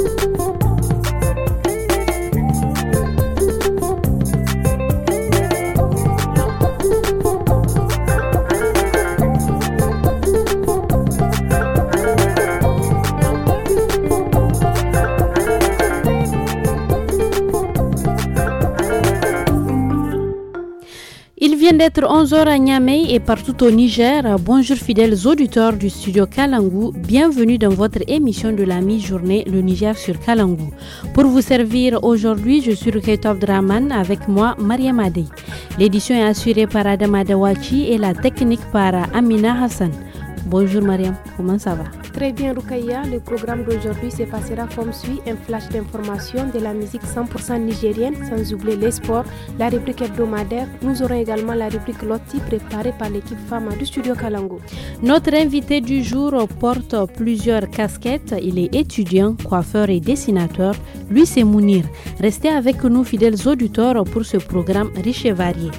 you 11h à Niamey et partout au Niger. Bonjour fidèles auditeurs du studio Kalangou. Bienvenue dans votre émission de la mi-journée Le Niger sur Kalangou. Pour vous servir aujourd'hui, je suis Ruketov Draman avec moi, Maria Madei. L'édition est assurée par Adam Adawachi et la technique par Amina Hassan. Bonjour Mariam, comment ça va Très bien Rukaya, le programme d'aujourd'hui se passera comme suit un flash d'information de la musique 100% nigérienne, sans oublier les sports, la réplique hebdomadaire. Nous aurons également la réplique Lotti préparée par l'équipe femme du studio Kalango. Notre invité du jour porte plusieurs casquettes. Il est étudiant, coiffeur et dessinateur. Lui, c'est Mounir. Restez avec nous, fidèles auditeurs, pour ce programme riche et varié.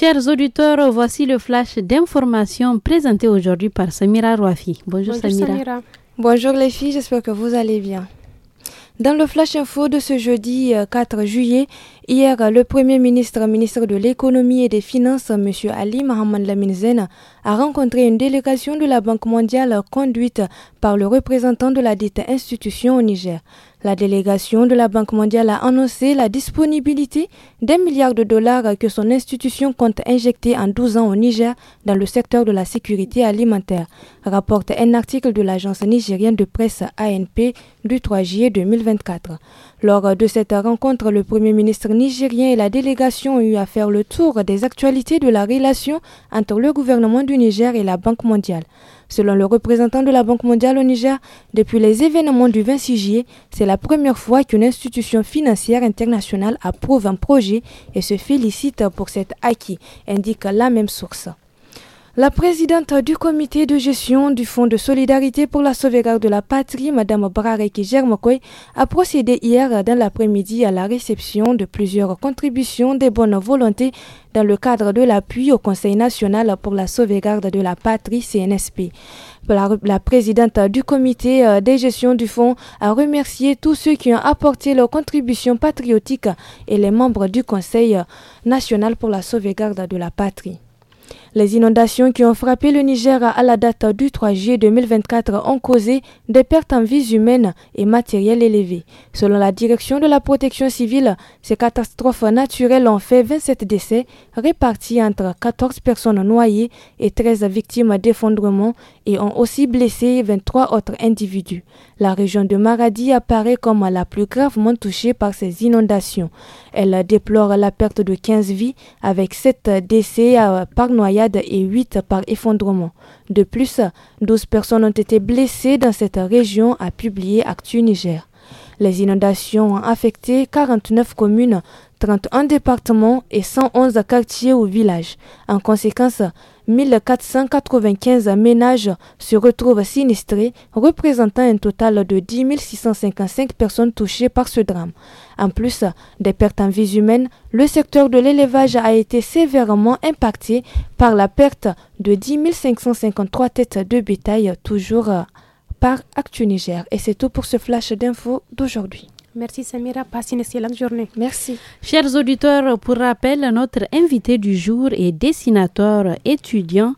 Chers auditeurs, voici le flash d'information présenté aujourd'hui par Samira Rouafi. Bonjour, Samira. Bonjour les filles, j'espère que vous allez bien. Dans le flash info de ce jeudi 4 euh, juillet, hier, le Premier ministre, ministre de l'économie et des finances, M. Ali Mohamed Laminzen, a rencontré une délégation de la Banque mondiale conduite par le représentant de la dite institution au Niger. La délégation de la Banque mondiale a annoncé la disponibilité d'un milliard de dollars que son institution compte injecter en 12 ans au Niger dans le secteur de la sécurité alimentaire, rapporte un article de l'agence nigérienne de presse ANP du 3 juillet 2024. Lors de cette rencontre, le Premier ministre nigérien et la délégation ont eu à faire le tour des actualités de la relation entre le gouvernement du Niger et la Banque mondiale. Selon le représentant de la Banque mondiale au Niger, depuis les événements du 26 juillet, c'est la première fois qu'une institution financière internationale approuve un projet et se félicite pour cet acquis, indique la même source. La présidente du comité de gestion du Fonds de solidarité pour la sauvegarde de la patrie, Mme Brareki Germokoy, a procédé hier dans l'après-midi à la réception de plusieurs contributions des bonnes volontés dans le cadre de l'appui au Conseil national pour la sauvegarde de la patrie, CNSP. La, présidente du comité euh, de gestion du fonds a remercié tous ceux qui ont apporté leur contribution patriotiques et les membres du Conseil national pour la sauvegarde de la patrie. Les inondations qui ont frappé le Niger à la date du 3 juillet 2024 ont causé des pertes en vies humaines et matérielles élevées. Selon la direction de la protection civile, ces catastrophes naturelles ont fait 27 décès répartis entre 14 personnes noyées et 13 victimes d'effondrement et ont aussi blessé 23 autres individus. La région de Maradi apparaît comme la plus gravement touchée par ces inondations. Elle déplore la perte de 15 vies avec 7 décès euh, par noyade et 8 par effondrement. De plus, 12 personnes ont été blessées dans cette région, a publié Actu Niger. Les inondations ont affecté 49 communes, 31 départements et 111 quartiers ou villages. En conséquence, 1495 ménages se retrouvent sinistrés, représentant un total de 10 655 personnes touchées par ce drame. En plus des pertes en vie humaine, le secteur de l'élevage a été sévèrement impacté par la perte de 10 553 têtes de bétail, toujours par Actu Niger. Et c'est tout pour ce flash d'infos d'aujourd'hui. Merci Samira, passe une excellente journée. Merci. Chers auditeurs, pour rappel, notre invité du jour est dessinateur étudiant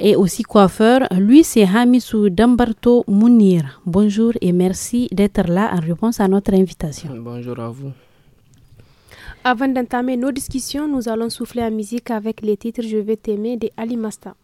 et aussi coiffeur. Lui, c'est Hamisu Dambarto Mounir. Bonjour et merci d'être là en réponse à notre invitation. Bonjour à vous. Avant d'entamer nos discussions, nous allons souffler la musique avec les titres Je vais t'aimer de Ali Masta.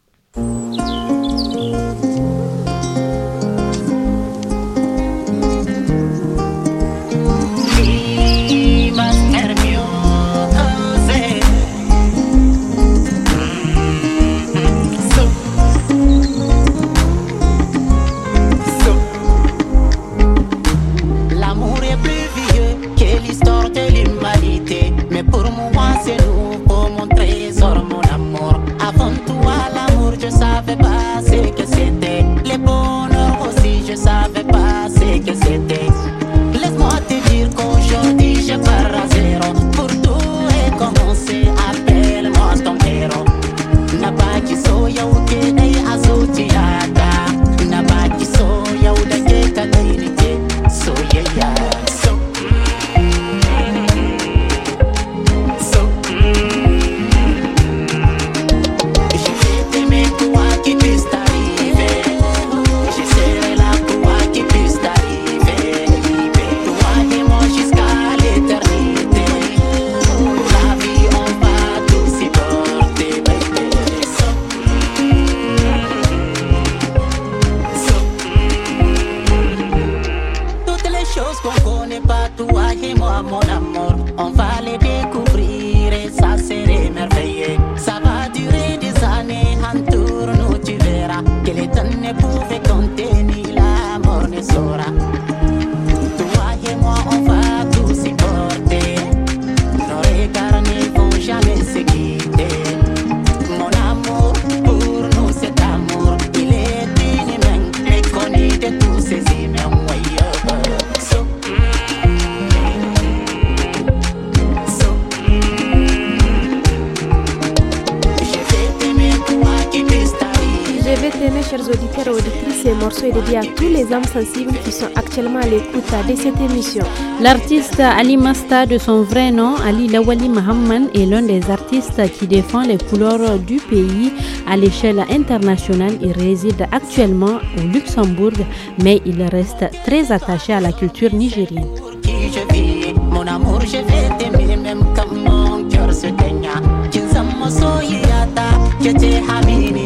dédié à tous les hommes sensibles qui sont actuellement à l'écoute de cette émission. L'artiste Ali Masta, de son vrai nom, Ali Lawali Mahamman, est l'un des artistes qui défend les couleurs du pays à l'échelle internationale. Il réside actuellement au Luxembourg, mais il reste très attaché à la culture nigérienne. mon amour je vais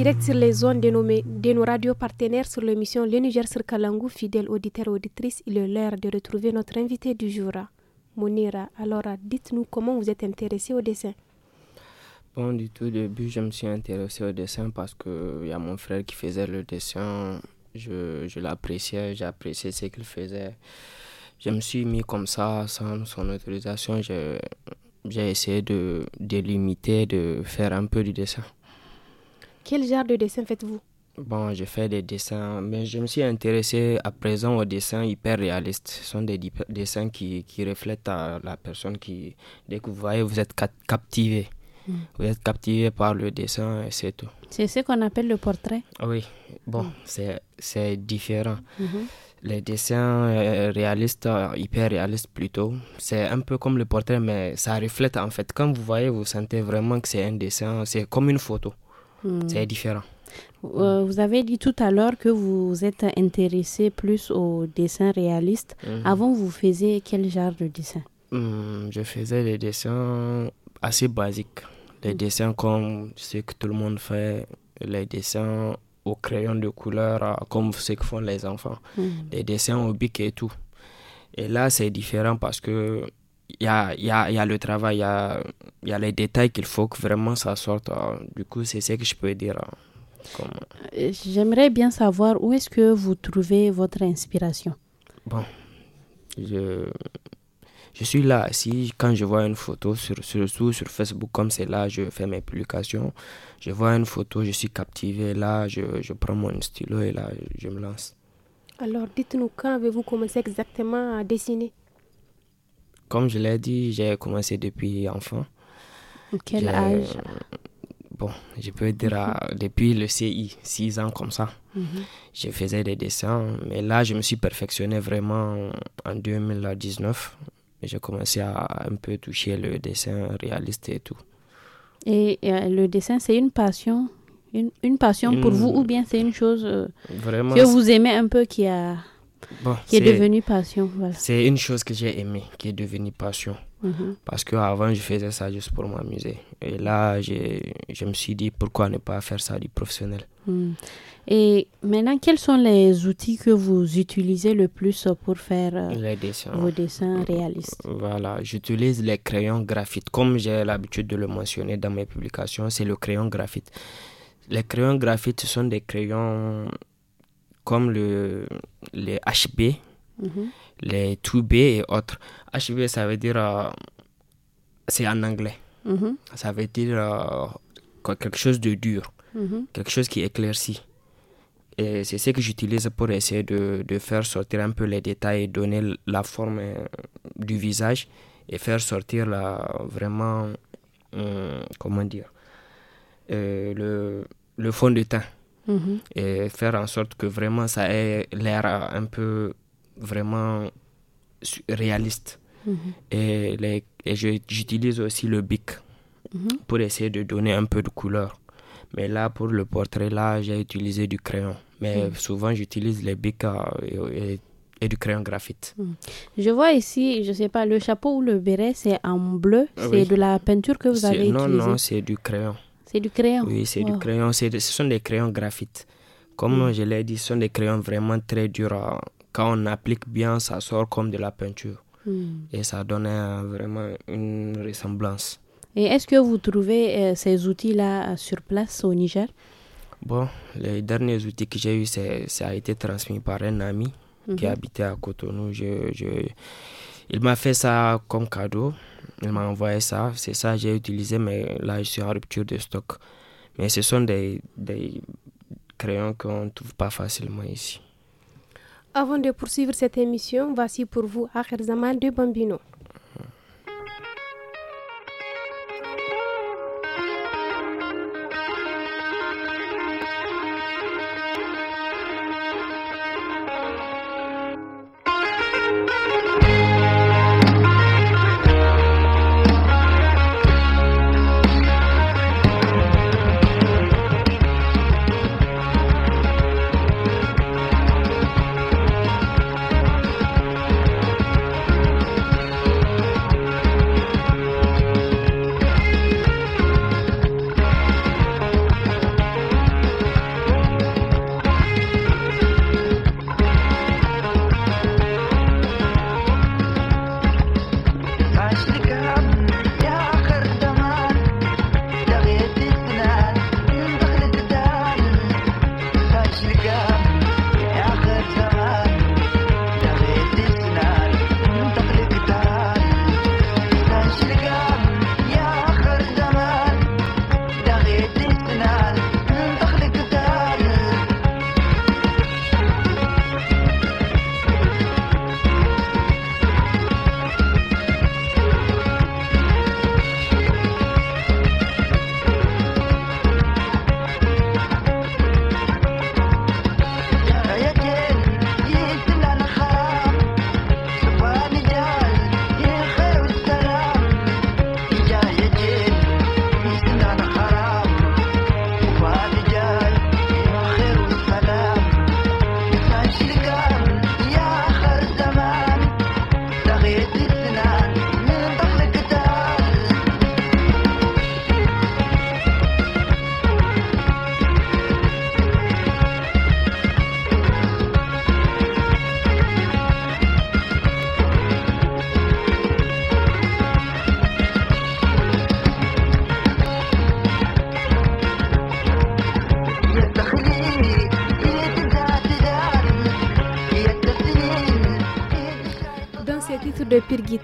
direct sur les zones dénommées de nos radios partenaires sur l'émission Le Niger sur Kalangou. fidèle auditeur et auditrices, il est l'heure de retrouver notre invité du jour, Monira. Alors, dites-nous comment vous êtes intéressé au dessin. Bon, du tout début, je me suis intéressé au dessin parce qu'il y a mon frère qui faisait le dessin. Je, l'appréciais, j'appréciais ce qu'il faisait. Je me suis mis comme ça, sans son autorisation. J'ai essayé de, de de faire un peu du dessin. Quel genre de dessin faites-vous Bon, je fais des dessins, mais je me suis intéressé à présent aux dessins hyper réalistes. Ce sont des dessins qui, qui reflètent euh, la personne qui, dès que vous voyez, vous êtes captivé. Hmm. Vous êtes captivé par le dessin et c'est tout. C'est ce qu'on appelle le portrait Oui, bon, hmm. c'est différent. Mhm. Les dessins euh, réalistes, euh, hyper réalistes plutôt, c'est un peu comme le portrait, mais ça reflète en fait. Quand vous voyez, vous sentez vraiment que c'est un dessin, c'est comme une photo. Hmm. C'est différent. Euh, hmm. Vous avez dit tout à l'heure que vous êtes intéressé plus aux dessins réaliste. Mhm. Avant, vous faisiez quel genre de dessin hmm, Je faisais des dessins assez basiques. Des dessins comme ceux que tout le monde fait, les dessins au crayon de couleur, comme ceux que font les enfants, des dessins au bic et tout. Et là, c'est différent parce que il y a, y, a, le travail, il y a, y a, les détails qu'il faut que vraiment ça sorte. Hein. Du coup, c'est ce que je peux dire. Hein. Euh, j'aimerais bien savoir où est-ce que vous trouvez votre inspiration. Bon, je, je suis là. Si quand je vois une photo, sur, sur sur Facebook, comme c'est là, je fais mes publications, je vois une photo, je suis captivé. Là, je, je prends mon stylo et là, je me lance. Alors, dites-nous, quand avez-vous commencé exactement à dessiner comme je l'ai dit, j'ai commencé depuis enfant. Quel âge Bon, je peux dire mhm. depuis le CI, six ans comme ça. Mhm. Je faisais des dessins, mais là, je me suis perfectionné vraiment en 2019. J'ai commencé à un peu toucher le dessin réaliste et tout. Et euh, le dessin, c'est une passion une, une passion pour vous ou bien c'est une chose euh, que vous aimez un peu qui a qui est, devenu passion. C'est une chose que j'ai aimée, qui est devenue passion. Mm-hmm. Parce qu'avant, je faisais ça juste pour m'amuser. Et là, je me suis dit, pourquoi ne pas faire ça du professionnel mm. Et maintenant, quels sont les outils que vous utilisez le plus pour faire euh, vos dessins réalistes Voilà, j'utilise les crayons graphites. Comme j'ai l'habitude de le mentionner dans mes publications, c'est le crayon graphite. Les crayons graphites sont des crayons comme le, les HB, mhm. les 2B et autres. HB, ça veut dire. Euh, c'est en anglais. Mhm. Ça veut dire euh, quelque chose de dur, mhm. quelque chose qui éclaircit. Et c'est ce que j'utilise pour essayer de, de, faire sortir un peu les détails, donner la forme euh, du visage et faire sortir la, vraiment, comment dire, le, le fond de teint. Mm-hmm. et faire en sorte que vraiment ça ait l'air un peu vraiment réaliste. Mm-hmm. Et, et j'utilise aussi le bic mm-hmm. pour essayer de donner un peu de couleur. Mais là, pour le portrait, là, j'ai utilisé du crayon. Mais souvent, j'utilise les bic et, du crayon graphite. Je vois ici, je sais pas, le chapeau ou le béret, c'est en bleu. Ah c'est de la peinture que vous avez utilisée. Non, non, c'est du crayon. C'est du crayon. Oui, c'est du crayon. Ce sont des crayons graphite. Comme mm. je l'ai dit, ce sont des crayons vraiment très durs. Quand on applique bien, ça sort comme de la peinture. Mm. Et ça donne vraiment une ressemblance. Et est-ce que vous trouvez euh, ces outils-là euh, sur place au Niger Bon, les derniers outils que j'ai eus, ça a été transmis par un ami qui mm-hmm. habitait à Cotonou. il m'a fait ça comme cadeau. Il m'a envoyé ça, c'est ça que j'ai utilisé, mais là je suis en rupture de stock. Mais ce sont des, crayons qu'on ne trouve pas facilement ici. Avant de poursuivre cette émission, voici pour vous Akher Zaman de Bambino.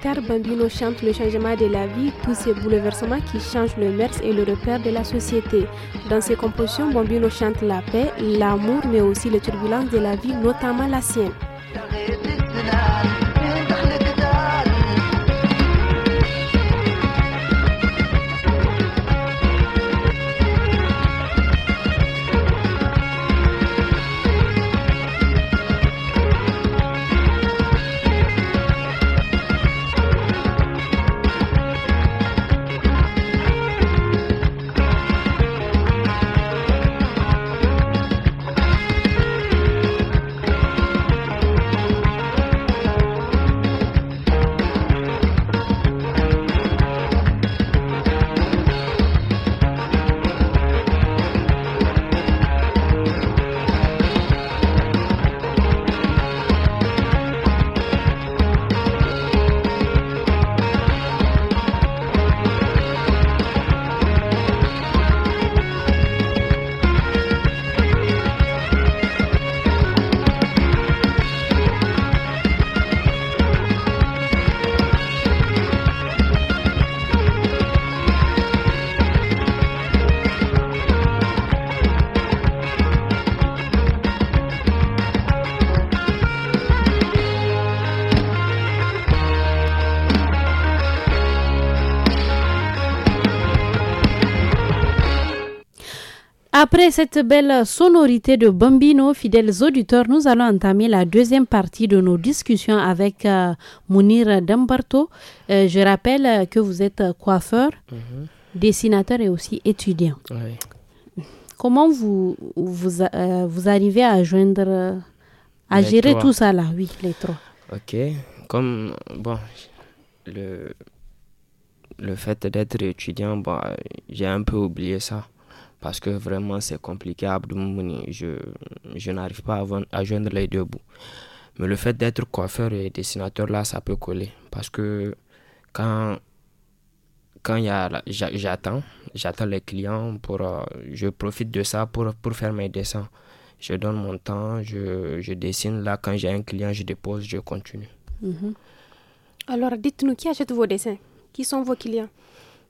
Car Bambino chante le changement de la vie, tous ces bouleversements qui changent le mers et le repère de la société. Dans ses compositions, Bambino chante la paix, l'amour, mais aussi les turbulences de la vie, notamment la sienne. Après cette belle sonorité de Bambino, fidèles auditeurs, nous allons entamer la deuxième partie de nos discussions avec euh, Mounir Dambarto. Euh, je rappelle que vous êtes coiffeur, mhm. dessinateur et aussi étudiant. Oui. Comment vous, vous, euh, vous, arrivez à joindre, à gérer tout ça là, oui, les trois Ok, comme, bon, le, le fait d'être étudiant, bah, j'ai un peu oublié ça parce que vraiment c'est compliqué Abdou Je, je n'arrive pas à, joindre les deux bouts. Mais le fait d'être coiffeur et dessinateur là, ça peut coller parce que quand quand j'attends, j'attends les clients pour, euh, je profite de ça pour, pour faire mes dessins. Je donne mon temps, je, je dessine là. Quand j'ai un client, je dépose, je continue. Mhm. Alors, dites-nous qui achète vos dessins Qui sont vos clients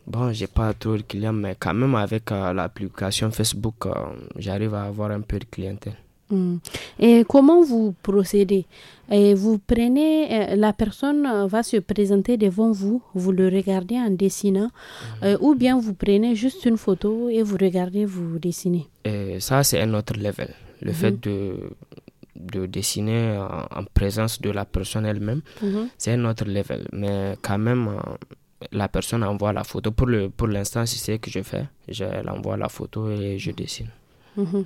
Bon, j'ai pas trop de clients, mais quand même avec euh, l'application Facebook, euh, j'arrive à avoir un peu de clientèle. Hmm. Et comment vous procédez Et Vous prenez, euh, la personne va se présenter devant vous, vous le regardez en dessinant, mhm. ou bien vous prenez juste une photo et vous regardez, vous dessinez. Et ça, c'est un autre level. Le mhm. fait de, de dessiner en, en présence de la personne elle-même, mhm. c'est un autre level. Mais quand même la personne envoie la photo. Pour, le, pour l'instant, c'est ce que je fais. Je l'envoie la photo et je dessine. Mhm.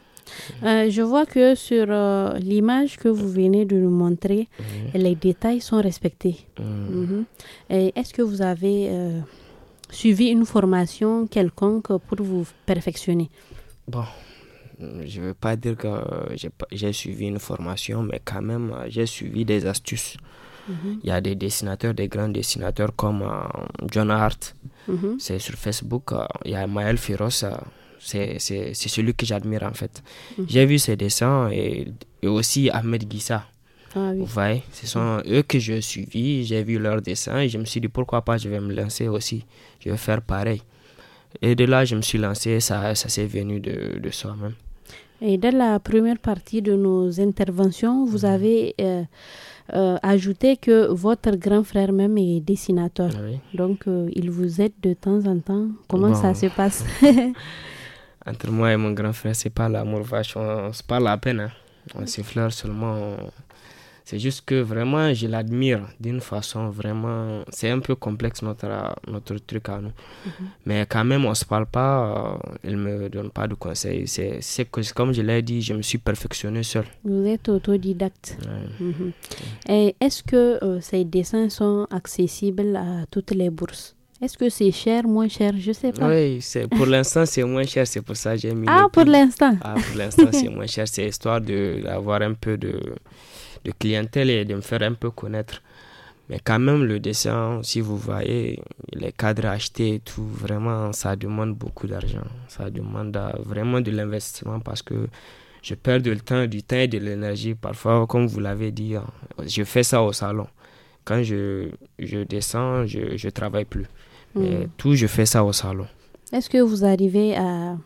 Euh, je vois que sur euh, l'image que vous venez de nous montrer, les détails sont respectés. Mm. Mhm. Est-ce que vous avez euh, suivi une formation quelconque pour vous perfectionner Bon, je ne veux pas dire que j'ai suivi une formation, mais quand même, j'ai suivi des astuces. Il y a des dessinateurs, des grands dessinateurs comme euh, John Hart. Mhm. C'est sur Facebook. Euh, il y a Maël Feroz. Euh, c'est celui que j'admire en fait. Mhm. J'ai vu ses dessins et, et aussi Ahmed Guissa. Ah vous voyez, ce sont eux que je suivis, j'ai vu leurs dessins et je me suis dit pourquoi pas, je vais me lancer aussi, je vais faire pareil. Et de là, je me suis lancé, ça, ça s'est venu de, de soi-même. Et dans la première partie de nos interventions, vous mhm. avez euh, ajoutez que votre grand frère même est dessinateur. Ah Donc, euh, il vous aide de temps en temps. Comment ça se passe Entre moi et mon grand frère, c'est pas vache, on se pas la peine. Hein. On s'effleure seulement, c'est juste que vraiment, je l'admire d'une façon vraiment. C'est un peu complexe notre, notre truc à nous. Mhm. Mais quand même, on ne se parle pas, il euh, ne me donne pas de conseils. C'est comme je l'ai dit, je me suis perfectionné seul. Vous êtes autodidacte. Mhm. et Est-ce que euh, ces dessins sont accessibles à toutes les bourses est-ce que c'est cher, moins cher Je sais pas. Oui, pour l'instant, c'est moins cher. C'est pour ça que j'ai mis. Ah, pour l'instant Ah, pour l'instant, c'est moins cher. C'est histoire d'avoir un peu de de clientèle et de me faire un peu connaître. Mais quand même, le dessin, si vous voyez, les cadres achetés tout, vraiment, ça demande beaucoup d'argent. Ça demande vraiment de l'investissement parce que je perds du temps, du temps et de l'énergie. Parfois, comme vous l'avez dit, hein, je fais ça au salon. Quand je, je descends, je ne travaille plus. Mais hmm. tout, je fais ça au salon. Est-ce que vous arrivez à,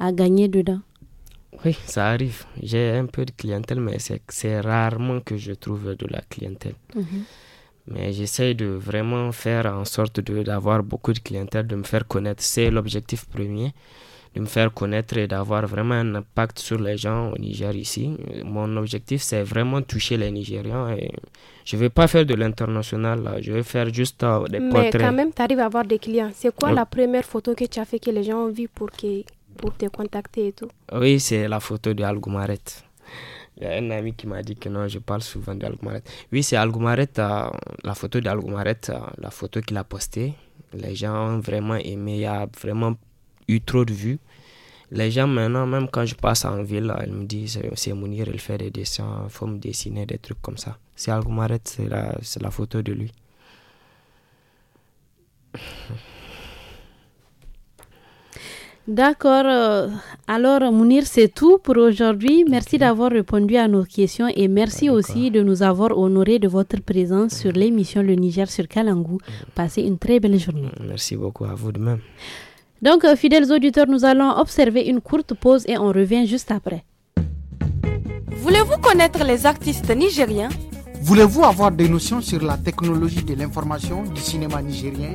à gagner dedans oui, ça arrive. J'ai un peu de clientèle, mais c'est rarement que je trouve de la clientèle. Mhm. Mais j'essaie de vraiment faire en sorte d'avoir beaucoup de clientèle, de me faire connaître. C'est l'objectif premier, de me faire connaître et d'avoir vraiment un impact sur les gens au Niger ici. Mon objectif, c'est vraiment toucher les Nigériens. Et je ne vais pas faire de l'international, je vais faire juste euh, des portraits. Mais quand même, tu arrives à avoir des clients. C'est quoi la première photo que tu as fait que les gens ont vu pour qu'ils pour te contacter et tout Oui, c'est la photo de Algumaret. Il y a un ami qui m'a dit que non, je parle souvent de Oui, c'est Algumaret, euh, la photo d'Algumaret, euh, la photo qu'il a postée. Les gens ont vraiment aimé, il y a vraiment eu trop de vues. Les gens maintenant, même quand je passe en ville, ils me disent euh, c'est Mounir, il fait des dessins, il faut me dessiner des trucs comme ça. C'est Algumaret, c'est la photo de lui. D'accord. Euh, alors, Mounir, c'est tout pour aujourd'hui. Merci d'avoir répondu à nos questions et merci aussi de nous avoir honorés de votre présence sur mm. l'émission Le Niger sur Kalangou. Mm. Passez une très belle journée. Mm, merci beaucoup à vous de même. Donc, euh, fidèles auditeurs, nous allons observer une courte pause et on revient juste après. Voulez-vous connaître les artistes nigériens Voulez-vous avoir des notions sur la technologie de l'information du cinéma nigérien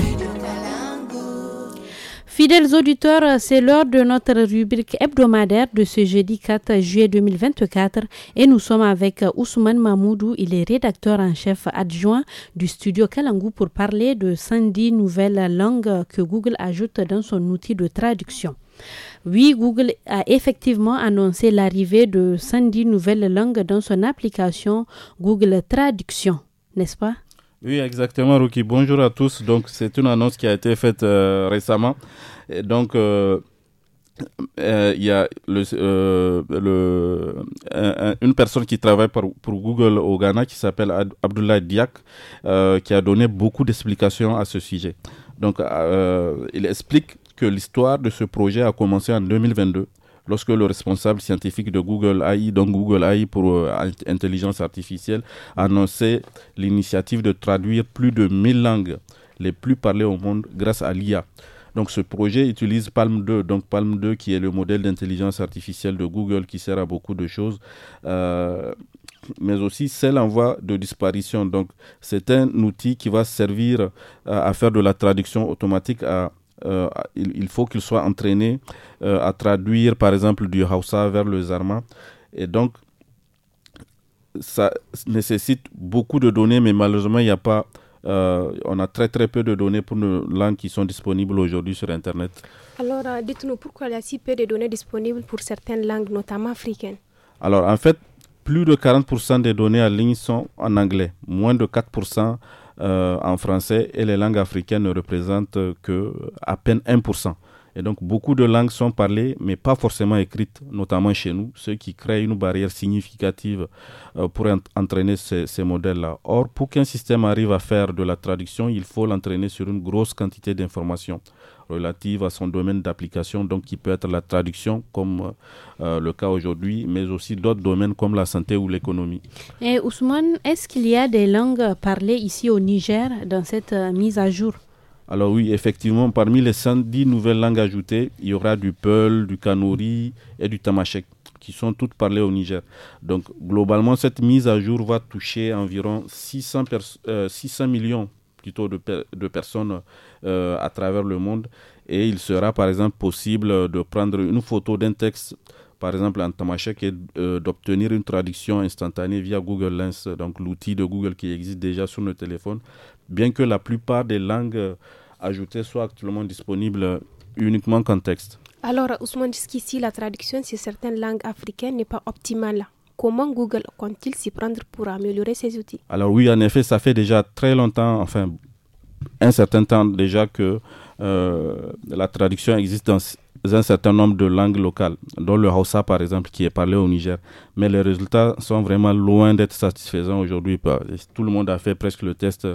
Fidèles auditeurs, c'est l'heure de notre rubrique hebdomadaire de ce jeudi 4 juillet 2024 et nous sommes avec Ousmane Mamoudou, il est rédacteur en chef adjoint du studio Kalangu pour parler de 110 nouvelles langues que Google ajoute dans son outil de traduction. Oui, Google a effectivement annoncé l'arrivée de 110 nouvelles langues dans son application Google Traduction, n'est-ce pas oui, exactement, Ruki. Bonjour à tous. Donc, c'est une annonce qui a été faite euh, récemment. donc, euh, euh, il y a le, une personne qui travaille pour, pour Google au Ghana qui s'appelle Abdullah Diak, qui a donné beaucoup d'explications à ce sujet. Donc, il explique que l'histoire de ce projet a commencé en 2022 lorsque le responsable scientifique de Google AI, donc Google AI pour euh, intelligence artificielle, annonçait l'initiative de traduire plus de 1000 langues les plus parlées au monde grâce à l'IA. Donc ce projet utilise Palm 2, donc Palm 2 qui est le modèle d'intelligence artificielle de Google qui sert à beaucoup de choses. Euh, mais aussi celle en voie de disparition. Donc, c'est un outil qui va servir euh, à faire de la traduction automatique à, euh, il, faut qu'ils soient entraînés euh, à traduire, par exemple, du Hausa vers le Zarma. Et donc, ça nécessite beaucoup de données, mais malheureusement, il n'y a pas. Euh, on a très très peu de données pour nos langues qui sont disponibles aujourd'hui sur Internet. Alors, dites-nous pourquoi il y a si peu de données disponibles pour certaines langues, notamment africaines Alors, en fait, plus de 40% des données en ligne sont en anglais, moins de 4% euh, en français et les langues africaines ne représentent que à peine 1%. Et donc beaucoup de langues sont parlées, mais pas forcément écrites, notamment chez nous, ce qui crée une barrière significative euh, pour entraîner ces modèles-là. Or, pour qu'un système arrive à faire de la traduction, il faut l'entraîner sur une grosse quantité d'informations relative à son domaine d'application, donc qui peut être la traduction, comme euh, euh, le cas aujourd'hui, mais aussi d'autres domaines comme la santé ou l'économie. Et Ousmane, est-ce qu'il y a des langues parlées ici au Niger dans cette euh, mise à jour alors oui, effectivement, parmi les 110 nouvelles langues ajoutées, il y aura du Peul, du Kanuri et du Tamachek, qui sont toutes parlées au Niger. Donc globalement, cette mise à jour va toucher environ 600, 600 millions plutôt de, personnes euh, à travers le monde. Et il sera par exemple possible de prendre une photo d'un texte, par exemple en tamashek, et euh, d'obtenir une traduction instantanée via Google Lens, donc l'outil de Google qui existe déjà sur nos téléphones. Bien que la plupart des langues euh, ajoutées soient actuellement disponibles uniquement qu'en texte. Alors, Ousmane, jusqu'ici, la traduction sur certaines langues africaines n'est pas optimale. Comment Google compte-t-il s'y prendre pour améliorer ses outils Alors oui, en effet, ça fait déjà très longtemps, enfin un certain temps déjà que euh, la traduction existe dans un certain nombre de langues locales, dont le Hausa par exemple, qui est parlé au Niger. Mais les résultats sont vraiment loin d'être satisfaisants aujourd'hui. Tout le monde a fait presque le test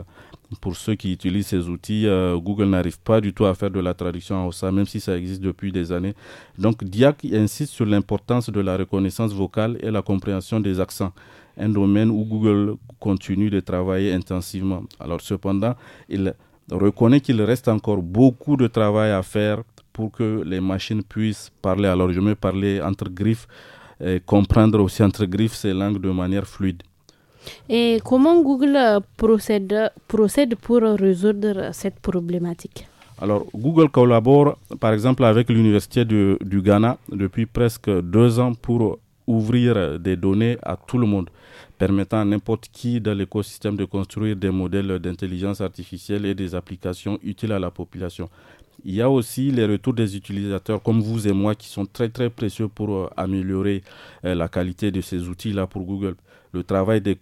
pour ceux qui utilisent ces outils, euh, Google n'arrive pas du tout à faire de la traduction en Hausa, même si ça existe depuis des années. Donc, Diac insiste sur l'importance de la reconnaissance vocale et la compréhension des accents, un domaine où Google continue de travailler intensivement. Alors, cependant, il reconnaît qu'il reste encore beaucoup de travail à faire pour que les machines puissent parler. Alors, je me parler entre griffes, et comprendre aussi entre griffes ces langues de manière fluide. Et comment Google procède, procède pour résoudre cette problématique alors, Google collabore, par exemple, avec l'Université du Ghana depuis presque deux ans pour ouvrir des données à tout le monde, permettant à n'importe qui dans l'écosystème de construire des modèles d'intelligence artificielle et des applications utiles à la population. Il y a aussi les retours des utilisateurs comme vous et moi qui sont très très précieux pour euh, améliorer euh, la qualité de ces outils-là pour Google. Le travail des,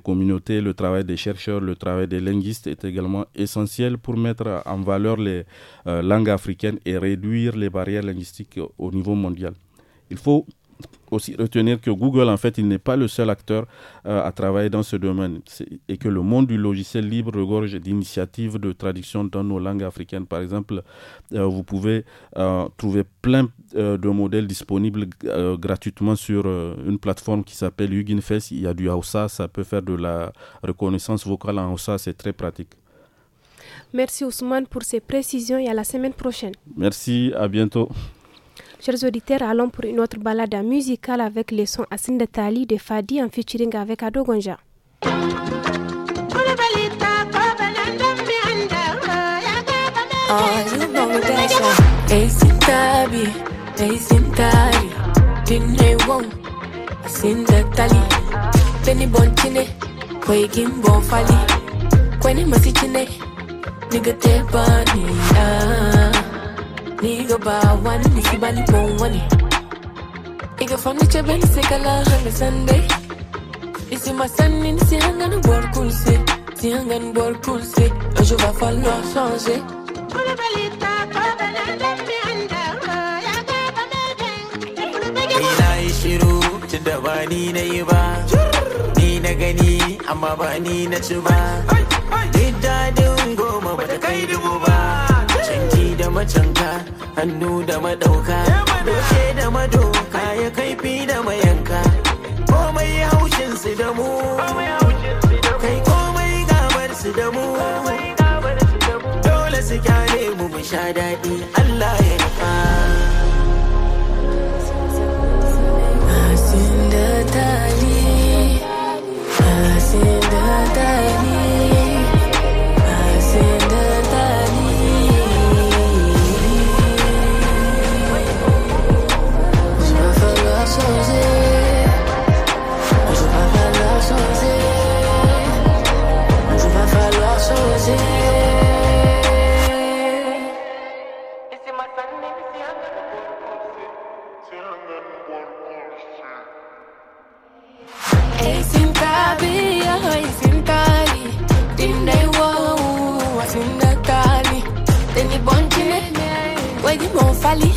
communautés, le travail des chercheurs, le travail des linguistes est également essentiel pour mettre en valeur les euh, langues africaines et réduire les barrières linguistiques au niveau mondial. Il faut aussi retenir que Google, en fait, il n'est pas le seul acteur euh, à travailler dans ce domaine et que le monde du logiciel libre regorge d'initiatives de traduction dans nos langues africaines. Par exemple, euh, vous pouvez trouver plein euh, de modèles disponibles euh, gratuitement sur euh, une plateforme qui s'appelle Huginfest. Il y a du Hausa, ça peut faire de la reconnaissance vocale en Hausa, c'est très pratique. Merci Ousmane pour ces précisions et à la semaine prochaine. Merci, à bientôt. Chers auditeurs, allons pour une autre balade musicale avec les sons Asin de de Fadi en featuring avec Ado Gonja. They seen tali, didn't they won? I seen the tali. Penny bontine, quaking bon fali. Quene masichine, nigga te bunny. Ah. Nigga ba one, nigga bani bon Nigga from the cheben, sikala, hang Sunday. Isi masani, si hangan bor kulse. Si hangan bor kulse. jour va falloir changer. Eh. Pour le balita, pas de l'indépendance. shiru da ba ni na yi ba ni na gani amma ba ni na ci ba duk dadin goma ba ta kai dubu ba Canji da macanka hannu da madauka doshe da madoka ya kaifi da mayanka komai haushin su da mu kai komai gabar su da mu dole su kyale mu mu sha daɗi Allah ya dali, the dali. Where you gon' folly?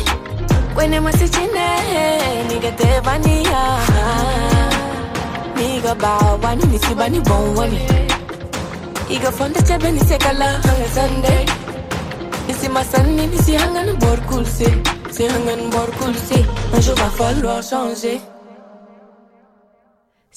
When I'm sitting there, nigga, te vania. Nigga, bow, one, you see, bunny, bone, one. Iga fonda chebe ni sekala hanga Sunday. Nisi masani nisi hangan bor cool se, se hangan bor cool se. Un jour va falloir changer.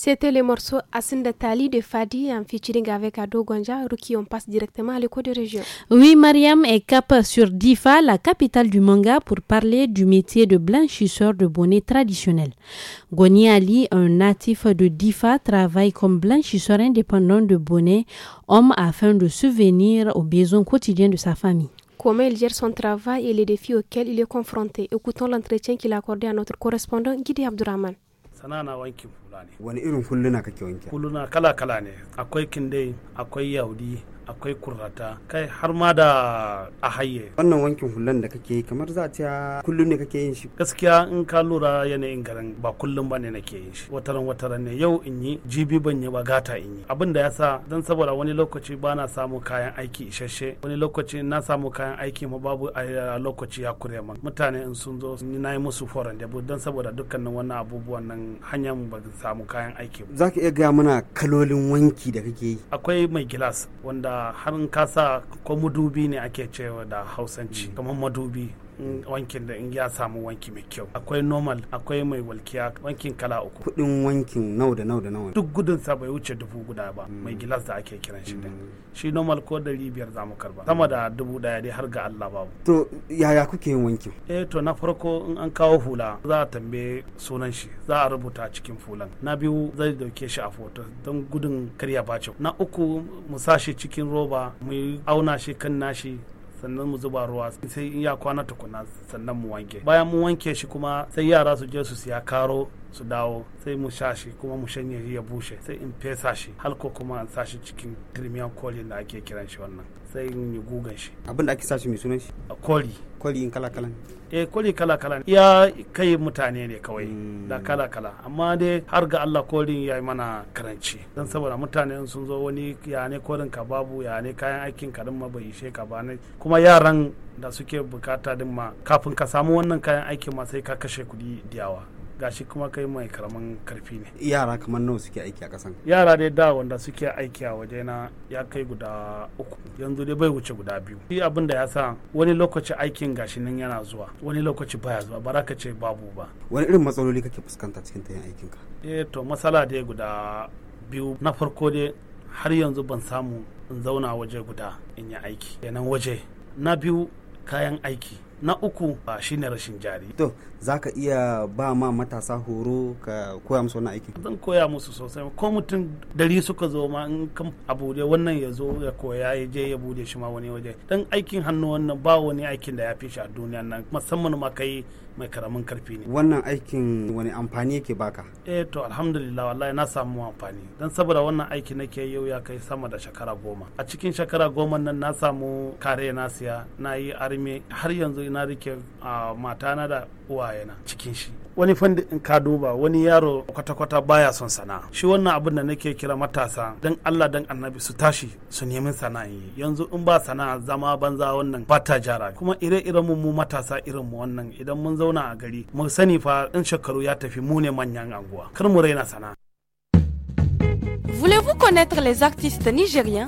C'était le morceau Asinda de Fadi en featuring avec Ado Gonja, qui on passe directement à l'écho de région. Oui, Mariam est cap sur Difa, la capitale du manga, pour parler du métier de blanchisseur de bonnets traditionnels. Goni Ali, un natif de Difa, travaille comme blanchisseur indépendant de bonnets homme afin de subvenir aux besoins quotidiens de sa famille comment il gère son travail et les défis auxquels il est confronté. Écoutons l'entretien qu'il a accordé à notre correspondant Guidi Abdurrahman. ne wani irin hulluna kake wanke hulluna kala kala ne akwai kinde akwai yaudi akwai kurrata kai har ma da a haye wannan wankin hulan da kake yi kamar za ta kullum ne kake yin shi gaskiya in ka lura yanayin garin ba kullum ba ne nake yin shi wataran wataran ne yau in yi jibi ban yi ba gata in yi abin da ya sa dan saboda wani lokaci ba na samu kayan aiki isasshe wani lokaci na samu kayan aiki ma babu a lokaci ya kure man mutane in sun zo na yi musu foran da don saboda dukkanin wannan abubuwan nan hanyar ba samu kayan aiki ba za ka iya gaya mana kalolin wanki da kake yi akwai mai gilas wanda har in kasa ko madubi ne ake cewa da hausanci mm. kamar madubi wankin da in ya samu wanki mai kyau akwai normal akwai mai walkiya wankin kala uku kudin wankin nau da nau da nau duk gudun sa bai wuce dubu guda ba mai gilas da ake kiran shi din mm. shi normal ko dari biyar za mu karba sama da dubu daya dai har ga Allah babu to yaya kuke yin wankin eh to na farko in an kawo hula za a tambaye sunan shi za a rubuta cikin fulan na biyu zai dauke shi a foto don gudun karya bacin na uku mu sa shi cikin roba mu auna shi kan nashi sannan mu zuba ruwa sai in ya kwana tukuna sannan mu wanke bayan mu wanke shi kuma sai yara su je su siya karo su dawo sai mu sha shi kuma mu shanye shi ya bushe sai in fesa shi halko kuma an sa shi cikin turmiyan kolin da ake kiran shi wannan sai in yi gugan shi abin da ake sa mai sunan shi a koli kwari kala kala eh kwari kala kala ya kai mutane ne kawai hmm. da kala kala amma dai har ga Allah korin ya yi mana karanci don saboda mutane sun zo wani ya ne korin ka babu ya ne kayan aikin ka din ma bai ishe ka ba ne kuma yaran da suke bukata din ma kafin ka samu wannan kayan aikin ma sai ka kashe kuɗi diyawa gashi kuma kai mai karaman karfi ne yara kamar nawa suke aiki a kasan yara dai da wanda suke aiki a waje na ya kai guda uku yanzu dai bai wuce guda biyu shi abin da ya sa wani lokaci aikin gashi nan yana zuwa wani lokaci baya zuwa ba ka ce babu ba wani irin matsaloli kake fuskanta cikin tayin ka. eh to matsala dai guda biyu na farko dai har yanzu ban samu in zauna waje guda in yi aiki kenan waje na biyu kayan aiki na uku ba ah, shine rashin jari to za ka iya ba ma matasa horo ka koya musu wannan aikin zan koya musu sosai ko mutum dari suka zo ma in kan abu wannan ya zo ya koya ya je ya bude shi ma wani waje dan aikin hannu wannan ba wani aikin da ya fi shi a duniya nan musamman ma kai mai karamin karfi ne wannan aikin wani amfani yake baka eh to alhamdulillah wallahi na samu amfani dan saboda wannan aiki nake yau ya kai sama da shekara goma a cikin shekara goma nan na samu kare na siya na yi arme har yanzu ina rike ah, matana da uwa bayana cikin shi wani fandi in ka duba wani yaro kwata-kwata baya son sana'a shi wannan abin da nake kira matasa dan Allah dan annabi su tashi su nemi sana'a yanzu in ba sana'a zama banza wannan bata jara kuma ire-iren mu matasa irin mu wannan idan mun zauna a gari mu sani fa in shekaru ya tafi mu ne manyan anguwa kar mu raina sana'a Voulez-vous connaître les artistes nigériens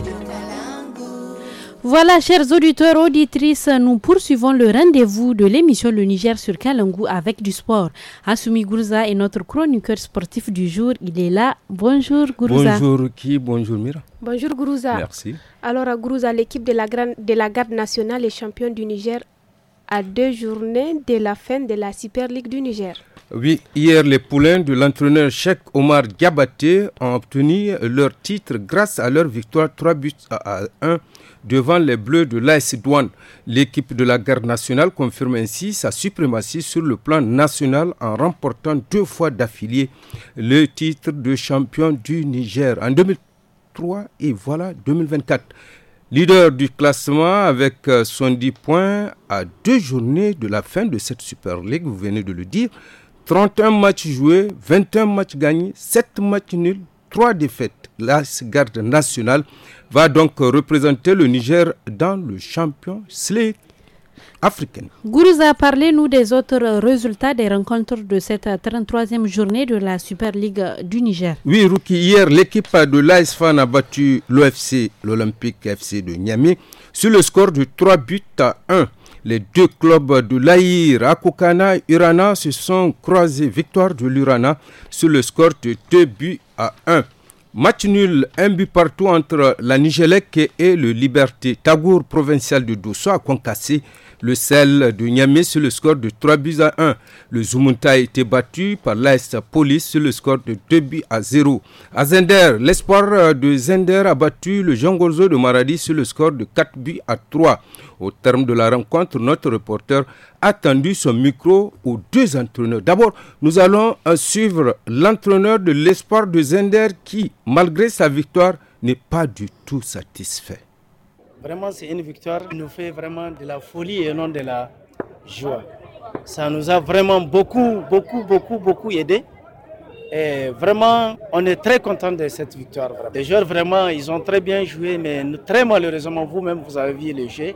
Voilà, chers auditeurs, auditrices, nous poursuivons le rendez-vous de l'émission Le Niger sur Kalangou avec du sport. Assoumi Gourza est notre chroniqueur sportif du jour. Il est là. Bonjour Gourza. Bonjour qui Bonjour Mira. Bonjour Gourza. Merci. Alors Gourza, l'équipe de la, de la garde nationale est championne du Niger à deux journées de la fin de la Super League du Niger. Oui, hier, les poulains de l'entraîneur Cheikh Omar Gabate ont obtenu leur titre grâce à leur victoire 3 buts à 1 devant les Bleus de l'AS Douane. L'équipe de la garde nationale confirme ainsi sa suprématie sur le plan national en remportant deux fois d'affilée le titre de champion du Niger en 2003 et voilà 2024. Leader du classement avec 70 euh, points à deux journées de la fin de cette Super League, vous venez de le dire. 31 matchs joués, 21 matchs gagnés, 7 matchs nuls, 3 défaites la garde nationale, va donc représenter le Niger dans le champion slate. africaine. a parlez-nous des autres résultats des rencontres de cette 33e journée de la Super League du Niger. Oui, Rookie, hier, l'équipe de l'ASFAN a battu l'OFC, l'Olympique FC de Niamey, sur le score de 3 buts à 1. Les deux clubs de l'Aïr, Akokana et Urana se sont croisés. Victoire de l'Urana sur le score de 2 buts à 1. Match nul, un but partout entre la Nigélec et le Liberté. Tagour provincial de Douceau à concassé le sel de Niamey sur le score de 3 buts à 1. Le Zumunta a été battu par l'AS Police sur le score de 2 buts à 0. À Zender, l'espoir de Zender a battu le Jean Gorzo de Maradi sur le score de 4 buts à 3. Au terme de la rencontre, notre reporter a tendu son micro aux deux entraîneurs. D'abord, nous allons suivre l'entraîneur de l'espoir de Zender qui, malgré sa victoire, n'est pas du tout satisfait. Vraiment, c'est une victoire qui nous fait vraiment de la folie et non de la joie. Ça nous a vraiment beaucoup, beaucoup, beaucoup, beaucoup aidé. Et vraiment, on est très content de cette victoire. Les joueurs, vraiment, ils ont très bien joué, mais très malheureusement, vous-même, vous avez vu le jeu.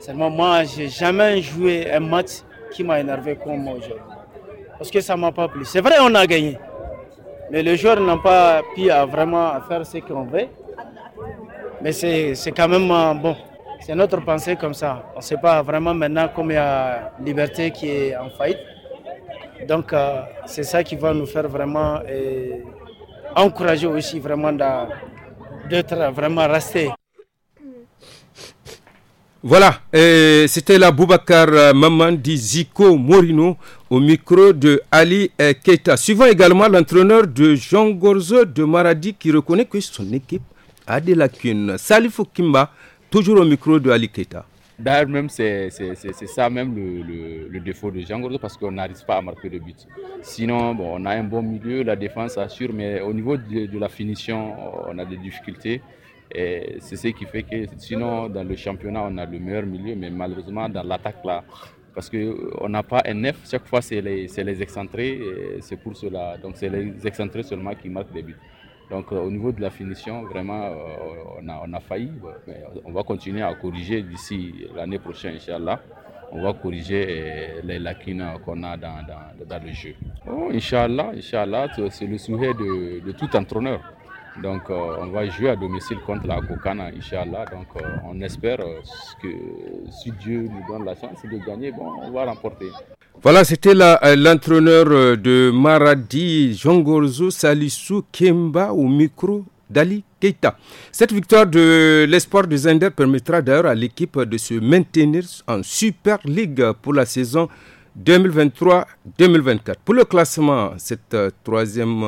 Seulement, moi, je n'ai jamais joué un match qui m'a énervé comme moi aujourd'hui. Parce que ça ne m'a pas plu. C'est vrai, on a gagné. Mais les joueurs n'ont pas pu vraiment faire ce qu'on veut. Mais c'est quand même euh, bon. C'est notre pensée comme ça. On ne sait pas vraiment maintenant comment il y Liberté qui est en faillite. Donc euh, c'est ça qui va nous faire vraiment euh, encourager aussi vraiment d'être vraiment resté. Voilà, c'était la Boubacar Maman di Zico Morino au micro de Ali Keita. Suivant également l'entraîneur de Jean Gorzo de Maradi qui reconnaît que son équipe Adela des Salifou Kimba, toujours au micro de Ali Keta. D'ailleurs, même c'est ça même le, défaut de Jean Gordo parce qu'on n'arrive pas à marquer de but. Sinon, on a un bon milieu, la défense assure, mais au niveau de, la finition, on a des difficultés. Et c'est ce qui fait que sinon, dans le championnat, on a le meilleur milieu, mais malheureusement, dans l'attaque, là, parce qu'on euh, n'a pas un neuf, chaque fois, c'est les, les excentrés, c'est pour cela. Donc, c'est les excentrés seulement qui marquent des buts. Donc euh, au niveau de la finition, vraiment, euh, on a, failli. Mais on va continuer à corriger d'ici l'année prochaine, Inch'Allah. On va corriger euh, les lacunes qu'on a dans, le jeu. Oh, Inch'Allah, Inch'Allah c'est le souhait de, tout entraîneur. Donc on va jouer à domicile contre la Kokana, Inch'Allah. Donc on espère que si Dieu nous donne la chance de gagner, bon, on va remporter. Voilà, c'était euh, l'entraîneur euh, de Maradi, Jongorzo Salisu Kemba, au micro d'Ali Keita. Cette victoire de l'espoir de Zender permettra d'ailleurs à l'équipe de se maintenir en Super League pour la saison 2023-2024. Pour le classement, cette euh, troisième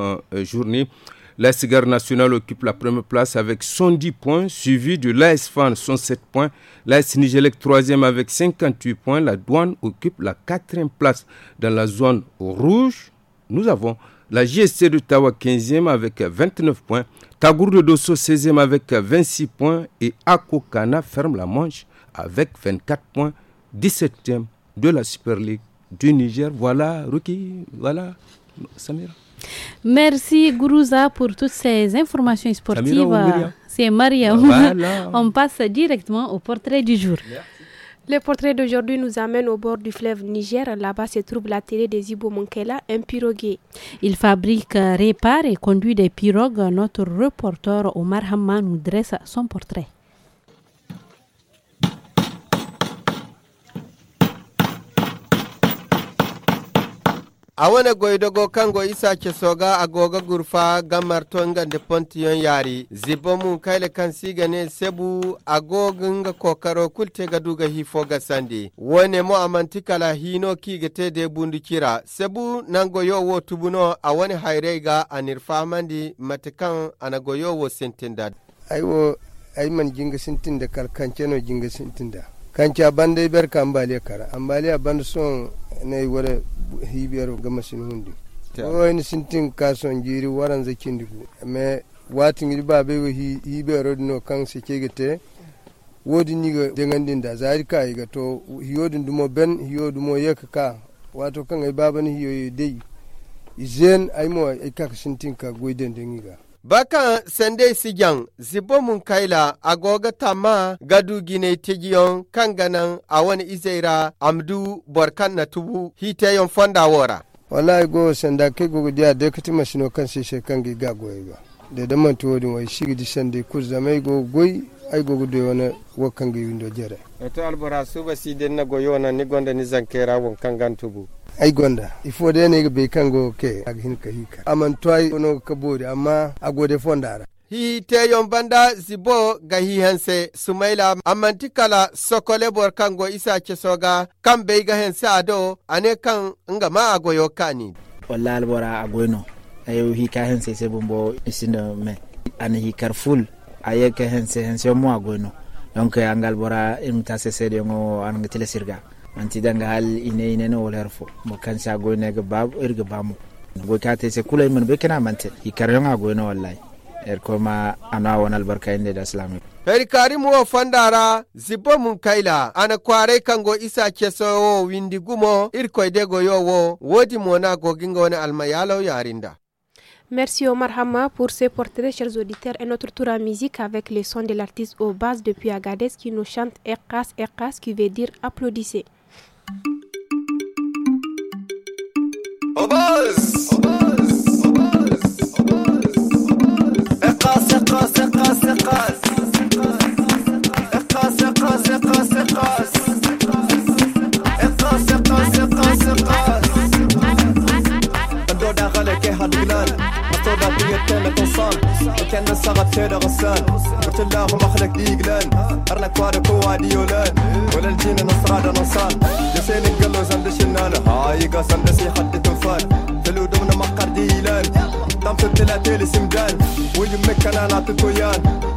journée, la Cigare nationale occupe la première place avec 110 points, suivi de l'AS Fan 107 points, l'AS Nigelec troisième avec 58 points, la douane occupe la quatrième place. Dans la zone rouge, nous avons la JSC de Tawa 15e avec 29 points, Tagour de Dosso 16e avec 26 points et Akokana ferme la manche avec 24 points, 17e de la Super League du Niger. Voilà, Ruki, voilà, Samira. Merci Gourouza pour toutes ces informations sportives. C'est Maria. On passe directement au portrait du jour. Le portrait d'aujourd'hui nous amène au bord du fleuve Niger. Là-bas se trouve la télé des Ibo Mankela, un piroguier. Il fabrique, répare et conduit des pirogues. Notre reporter Omar Hamman nous dresse son portrait. a awone goydogo isa isace soga goga gurfa gammartonga nde pontiyon yari zibbo mum kayle kan ne sebu ga kokaro ga duga hifoga sandi wane mo a mantikala hino bundu bundukira sebu nangoyo wo tubuno awone a anir famandi mate kan anagoyo wo sentinda aywo ayman jinga sentinda kal no jinga sintinda kanca bande ber ka ambaliya kara ambaliya bande son ne wore hibiyar gama sin hundi oyin sintin kason jiri waran zakin dubu me watin gidi ba bai wahi hibiyar no kan se ke gete wodi ni ga din da zari ka ga to hiyodin dumo ben hiyodin mo yaka ka wato kan ai baban hiyoyi dai izen ai mo ai ka sintin ka goiden dengiga Bakan sende sijan zibo mun kaila agoga tama gadu gine tijiyon kanganan wani izaira amdu borkan na tubu hite yon fonda wora. Wallahi go sanda ke go dia de kati masino kan se se kan gi gago ga. de da man tuwo din wai shiri di sende ku zamai go goi ai go do wona wo gi windo jere. Eto albora suba si den na go yona ni gonda ni zankera won kangan tubu. ai gonda ifo de ne be kango ke aghin kahika aman toy no kabodi amma agode fondara hi teyon banda zibo ga hi hihense sumaila amanti kala sokole bor kango isa chesoga kambe ga hense ado ane kan nga ma a goyo kani walla albora agoyno ayo hi ka hense se bombo isinda me ane hi carful aye ka hense hense mo agoyno donc angal bora imta se se de ngo an ngitele sirga anti danga hal ine ine no woler fo mo kan sa go ne ga babu ir er ga bamu go ka te se kulay mun be kana mante i karyon ga go no wallahi er ko ma ana wonal barka inde da salam heri karimu wo fandara zibbo mum ana kware kango isa wo windi gumo irkoyde go wodi woodi mona goginga woni almayalow yarinda Merci Omar Hama pour ce portrait, chers auditeurs, et notre tour à musique avec les sons de l'artiste au base depuis Agadez qui nous chante Ekas Ekas qui veut dire applaudissez. Another thing you tell me concern كان نسغت شيدا غسان قلت اللهم اخلك ديقلان ارنا كوار كوا ديولان ولا الجين نصراد نصان لسين قلو زندش النانا هاي قاسم دسي حد تنفان تلو دمنا مقر ديلان في تبتلاتي لسمدان ويمك انا نعطي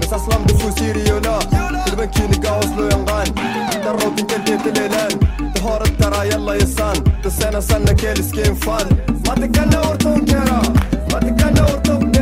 بس اصلا بفوسي ريولا تلبنكي نقاوص لو ينغان درو تنكنتي تليلان تهور الترا يلا يسان تسانا سانا كيل سكين فان ما تكنا ورطون كيرا ما تكنا ورطون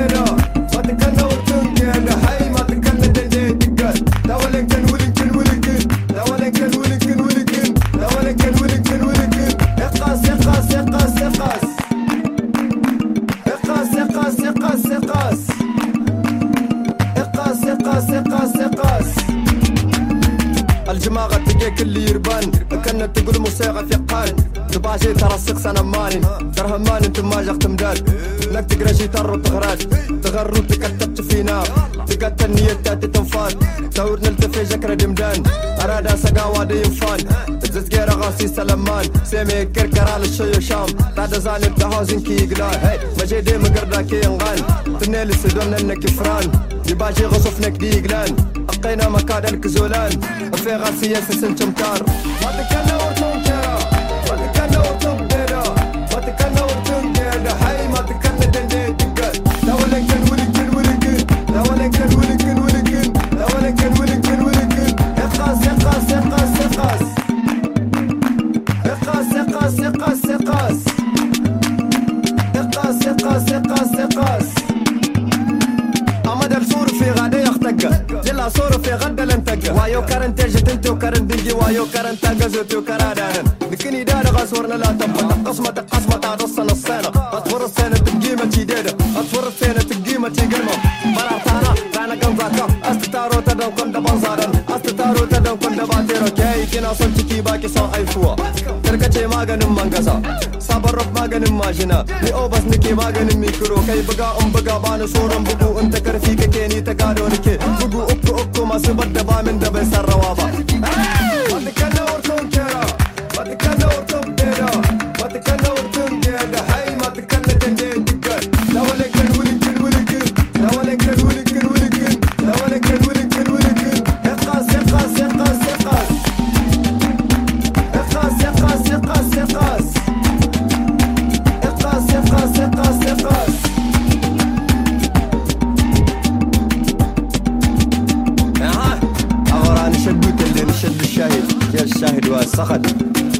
الجماغة ذاك اللي يربان كان تقول موسيقى في قال تبع شي ترى السقس انا ماني درهم ماني انت ما جاك تمداد لك تقرا شي تر وتغراد تغر وتكتبت فينا تقات النية تاتي تنفان تاور نلتفي جاكرا دمدان ارادا سقا وادي ينفان غير غاسي سلمان سيمي كركرا للشي شام بعد زاني بتهوزن كي يقلال مجيدي مقردا كي ينغان تنيل سدون انك فران يباجي غصفنك دي يقلان اقينا مكان الكزولان وفي غاسي ياسس انت مكار صورة في غدا للعصور في غدا لن wayo karanta jatinto karan dingi wayo karanta gazoto karadanan لكني دانا غازورنا لا تنفض قسمة قسمة تعتصنا السنة أتفر السنة تقيمة جديدة أتفر السنة تقيمة قرمة برا تانا تانا أستتارو تدو كم دبان أستتارو تدو كم دباتيرو كي كنا صنتكي باكي صن أيفوا تركتي ما غنم منغزا صبر رب ما غنم ماجنا لأو بس نكي ما غنم كي بقى أم بقى بانا صورم بقو انت كرفيك كيني تقارونك بقو zubar da bamin da bai sarrafa أيوة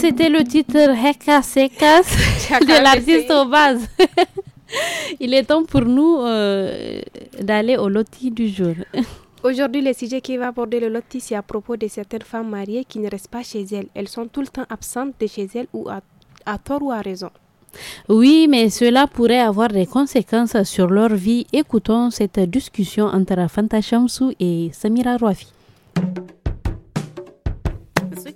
c'était le titre Heka Sekas de l'artiste au base. Il est temps pour nous euh, d'aller au loti du jour. Aujourd'hui, le sujet qui va aborder le loti, c'est à propos de certaines femmes mariées qui ne restent pas chez elles. Elles sont tout le temps absentes de chez elles ou à, à tort ou à raison. Oui, mais cela pourrait avoir des conséquences sur leur vie. Écoutons cette discussion entre Fanta Shamsou et Samira Rouafi.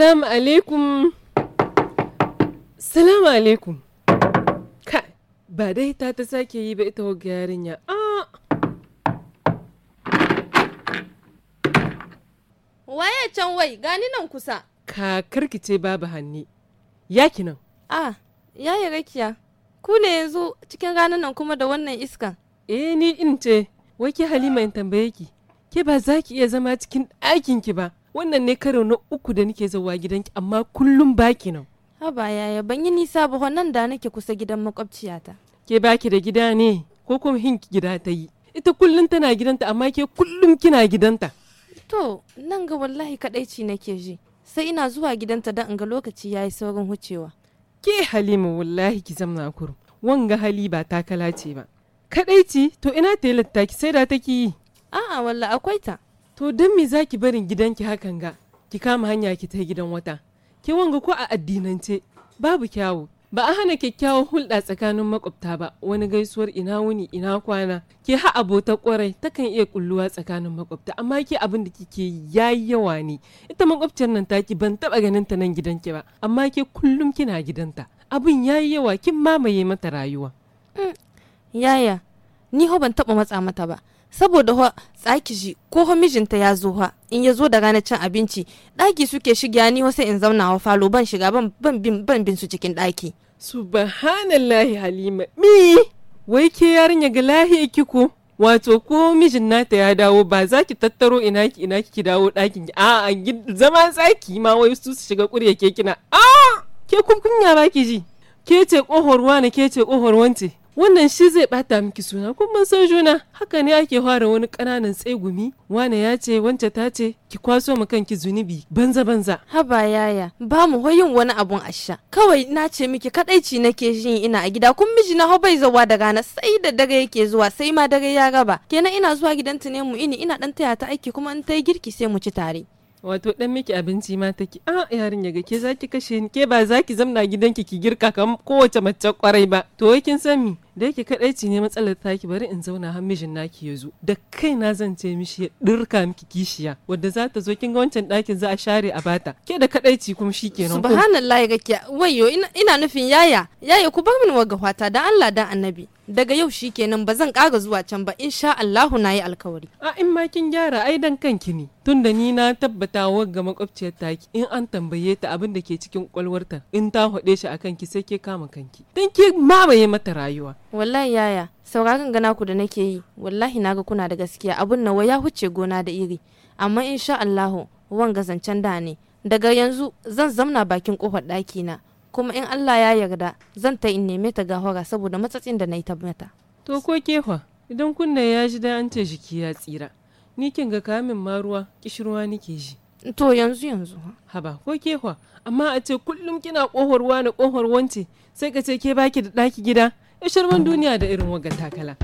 Salamu alaikum. Salamu alaikum. ba dai ta ta sake yi ba ita wagga yarinya. Ah. Waye can wai gani nan kusa. ka ce babu hanni. Yaki nan. Ah, ya yayi rakiya. Ku ne yanzu cikin ranar nan kuma da wannan iska. Eh ni in ce, wai ke Halima in tambaye ki. Ke ba za ki iya zama cikin ɗakin ki ba. wannan ne karo na uku da nake zuwa gidanki amma kullum baki nan haba yaya ban yi nisa ba wannan da nake kusa gidan makwabciyata ke baki da gida ne ko kuma hinki gida ta yi ita kullum tana gidanta amma ke kullum kina gidanta to nan ga wallahi kadaici nake ji sai ina zuwa gidanta dan in ga lokaci yayi saurin hucewa ke halima wallahi ki zamna kurum wanga hali ba takala ce ba kadaici to ina ta yi ki sai da take yi a'a wallahi akwai ta to don me zaki barin gidanki hakan ga ki kama hanya ki ta gidan wata ki wanga ko a addinance babu kyawu ba a hana kyakkyawan hulɗa tsakanin makwabta ba wani gaisuwar ina wuni ina kwana ke ha abota kwarai takan iya kulluwa tsakanin makwabta amma ke abin da kike yayi yawa ne ita makwabciyar nan taki ban taba ganin ta nan gidanki ba amma ke kullum kina gidanta abin yayi yawa kin mamaye mata rayuwa mm. yaya ni ho ban taba matsa mata ba saboda wa tsaki shi ko ho mijinta ya zo ha in ya zo da ranar cin abinci ɗaki suke shiga ni wasu in zauna wa falo ban shiga ban bin su cikin ɗaki. subhanallahi halima mi wai ke yarinya ga lahiya kiku wato ko mijin nata ya dawo ba za ki tattaro ina ki ina ki dawo ɗakin ki a'a zama tsaki ma wai su su shiga ƙurya ke kina a ke kun kunya ba ki ji ke ce ƙohorwa na ke ce ƙohorwance wannan shi zai bata miki suna kun ban san juna haka ne ake fara wani kananan tsegumi wane ya ce wance ta ce ki kwaso mu kanki zunubi banza banza haba yaya ba mu hoyin wani abun asha kawai na ce miki kadaici nake shin ina a gida kun miji na bai zawa da rana sai da dare yake zuwa sai ma dare ya gaba kenan ina zuwa gidan ne mu ini ina dan taya ta aiki kuma in ta yi girki sai mu ci tare wato dan miki abinci ma take a yarin yaga ke zaki kashe ni ke ba zaki zamna gidanki ki girka kamar kowace mace kwarai ba to kin san da yake kaɗaici ne matsalar taki bari in zauna har mijin naki ya zo da kaina zan ce mishi ya dirka miki kishiya wadda za ta zo kin ga wancan dakin za a share a bata ke da ci kuma shikenan subhanallahi gakiya wayo ina nufin yaya yaya ku bar min waga fata dan Allah dan annabi daga yau shikenan ba zan kaga zuwa can ba insha Allahu yi alkawari a in ma kin gyara ai dan kanki ne tunda ni na tabbata waga makwabciyar taki in an tambaye ta abin da ke cikin kwalwarta in ta hode shi akan ki sai ke kama kanki dan ke mamaye mata rayuwa wallahi yaya sauraron gana ku da nake yi wallahi naga kuna da gaskiya abun nawa ya huce gona da iri amma insha Allahu wan gazancen da ne daga yanzu zan zamna bakin kofar ɗaki na kuma in Allah ya yarda zan ta in neme ta gahora saboda matsatsin da na yi ta mata to ko kefa idan kunna ya ji dai an ce jiki ya tsira ni kin ga kamin ma ruwa kishirwa nike ji to yanzu yanzu haba ko kefa amma a ce kullum kina kohorwa na kohor wance sai ka ce ke baki da ɗaki gida shirman duniya da irin wagan takala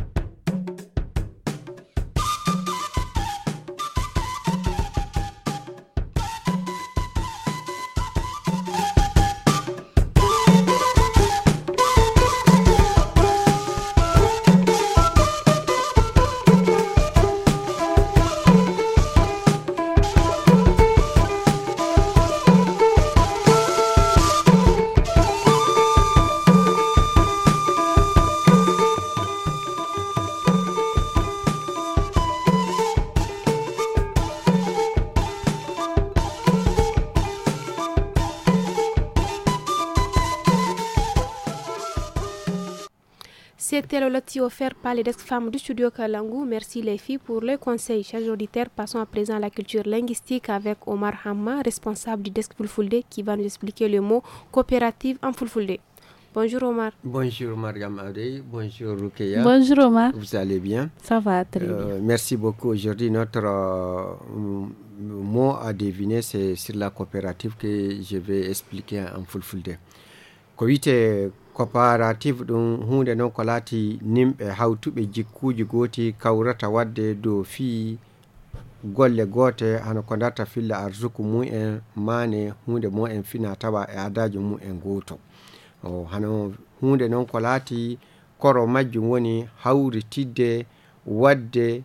C'était le loti offert par les desk femmes du studio Kalangu. Merci les filles pour le conseil. Chers auditeurs, passons à présent à la culture linguistique avec Omar Hamma, responsable du desk Fulfulde, qui va nous expliquer le mot coopérative en Fulfulde. Bonjour Omar. Bonjour Mariam Adey. Bonjour Rukeya. Bonjour Omar. Vous allez bien Ça va très euh, bien. Merci beaucoup. Aujourd'hui, notre euh, mot à deviner, c'est sur la coopérative que je vais expliquer en Fulfulde. coparative ɗum hunde noon ko laati nimɓe hawtuɓe jikkuji goti kawrata wadde dow fi golle goote hano ko darta filla arsuku mumen mane hunde mumen fina tawa e adaji mumen goto o hano hunde noon ko laati koro majjum woni hawritidde wadde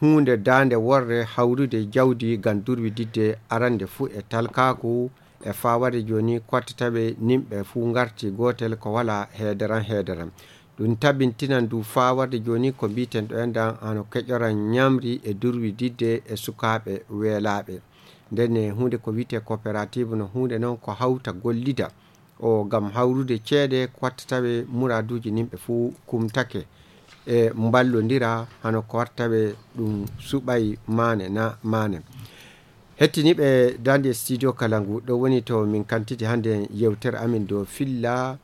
hunde dande worre hawrude jawdi gandurwi didde arande fuu e talkaku e fawade joni kotta taɓe nimɓe fu garti gotel ko wala heederan heederan ɗum tabintinan du fawarde joni ko mbiten ɗo endan hano keƴoran ñamri e durwididde e sukaɓe weelaɓe ndenne hunde ko wiite coopérative no hunde noon ko hawta gollida o gam hawrude ceede kowattataɓe muraduji nimɓe fuu kumtake e mballodira hano ko wattaɓe ɗum suɓay maane na maane hettiniɓe dande studio kalangu ɗo woni to min kantiti hannde yewtere amin dow filla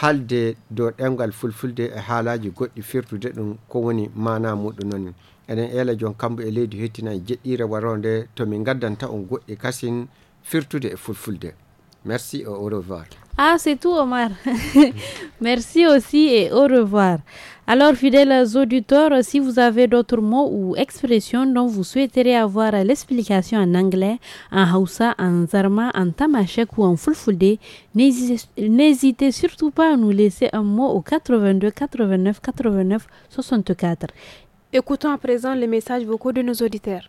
halde dow ɗemgal fulfulde e haalaji goɗɗi firtude ɗum ko woni mana muɗum noon eɗen eela jon kambo e leydi hettinayi jeɗɗire waronde to min gaddanta on goɗɗi kasin firtude e fulfulde merci au revoir ah c'est tout omar merci aussi et au revoir alors, fidèles auditeurs, si vous avez d'autres mots ou expressions dont vous souhaiterez avoir l'explication en anglais, en Hausa, en Zarma, en Tamashek ou en Fulfulde, n'hésitez surtout pas à nous laisser un mot au 82 89 89 64. Écoutons à présent les messages vocaux de nos auditeurs.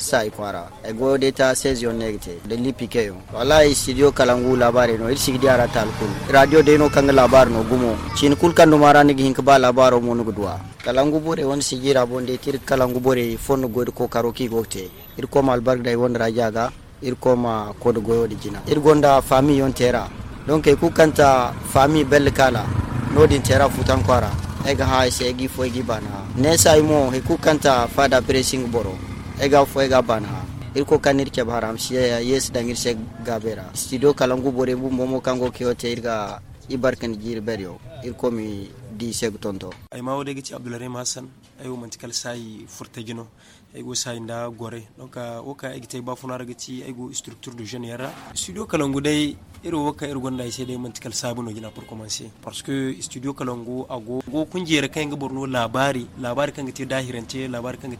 sa i kwara e go deta session negte de lipi keyo wallahi studio kalangu labare no il sigdi ara tal kul radio de no kang labar no gumo chin kul kan numara ni hink ba labaro mo no gudwa kalangu bore won sigira bonde tir kalangu bore fon go ko karoki gote ir ko mal bargda won rajaga ir ko ma kod goyodi jina ir gonda fami yon tera donc e kukanta fami bel kala nodin tera futan kwara ega ha ese egi fo egi bana nesa imo e kukanta fada pressing boro ega fo ega ban ha irko kanir ke baram siya yes dangir se gabera studio kalangu bore bu momo kango ke ote irga ibarkan jir beryo irko mi di seg tonto ay ma ci abdul rahim hassan ay wo mantikal sai furtejino ay go sai nda gore donc o ka egite ba funara ci ay go structure du jeune yara studio kalangu dai irin waka irin gwanda sai dai mantikal sabino gina pour commencer parce que studio kalongo ago go kungiyar kan ga borno labari labari kan ga dahirante dahirance labari kan ga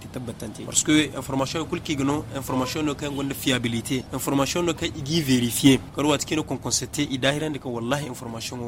te parce que information kulki gano information no kan gwanda fiabilité information no kan igi vérifier karwa tikino kon constate i dahiran wallahi information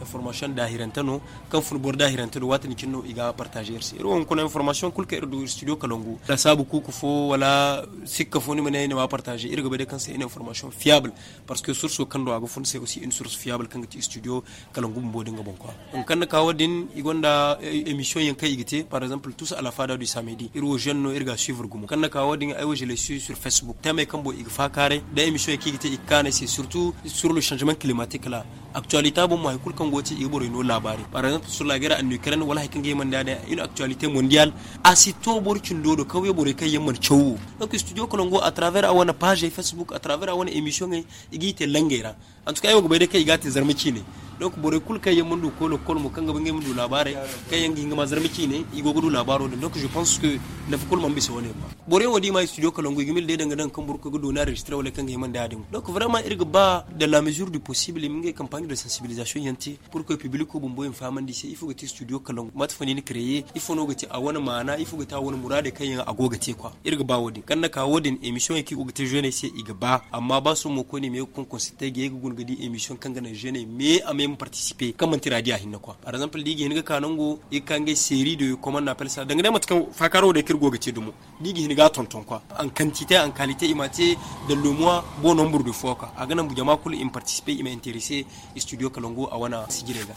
information da hirantano kan fulbor ou hirantano watani il iga partager si ro kono information kulka irdu studio kalongo da sabu kuku fo wala sikka fo ni mane ne wa partager irga de kan sai une information fiable parce que source kan do aga fon c'est aussi une source fiable kan ti studio kalongo mbo dinga bonko on kan ka wadin igonda eh, émission yen kai igite par exemple tous à la fada du samedi iro jeune no irga suivre gumo kan ka wadin ay eh, je le suis sur facebook tame kan bo igfa kare da émission yake igite ikane c'est surtout sur le changement climatique là actualité bon mo a kan goci ibore no labari par exemple sur la an Ukraine wala hakin ge man dade une actualité mondiale asito bor dodo ka kawye bore kai yamman chowo ko studio kolongo à travers a wana page Facebook à travers a wana émission ngai gite langera en tout cas yau gobe dai kai gati zarmiki ne ku bore kul kay mundu kolo mu kan gaban bangi mundu labarai kay yi ngama zarmiki ne igo gudu labaro de donc je pense que na fukul mambi bisa wani ba bore wodi mai studio kalongo gimil de danga dan kambur ko gudu na registre wala kanga yimman dadin donc vraiment irga ba de la mesure du possible mingi campagne de sensibilisation yanti pour que public ko bumbo faman di sai ifuga ti studio kalongo mat fani ni créer ifo na gati a wani mana ifuga ta wani murade kay yanga agoga te kwa irga ba wadi kan na ka wodin emission yake ugate jeune sai iga ba amma ba su mo ko ne me kun constate ge gugun di emission kan gana jene me a même participer kan man tiradi a hinna quoi par exemple digi hinga kanango e kange série de comment on appelle ça dangane mat kan fakaro de kirgo gace dumo digi hinga tonton quoi en quantité en qualité imate de le mois bon nombre de fois quoi a gana bu kul in participer ima intéresser studio kalongo a wana sigirega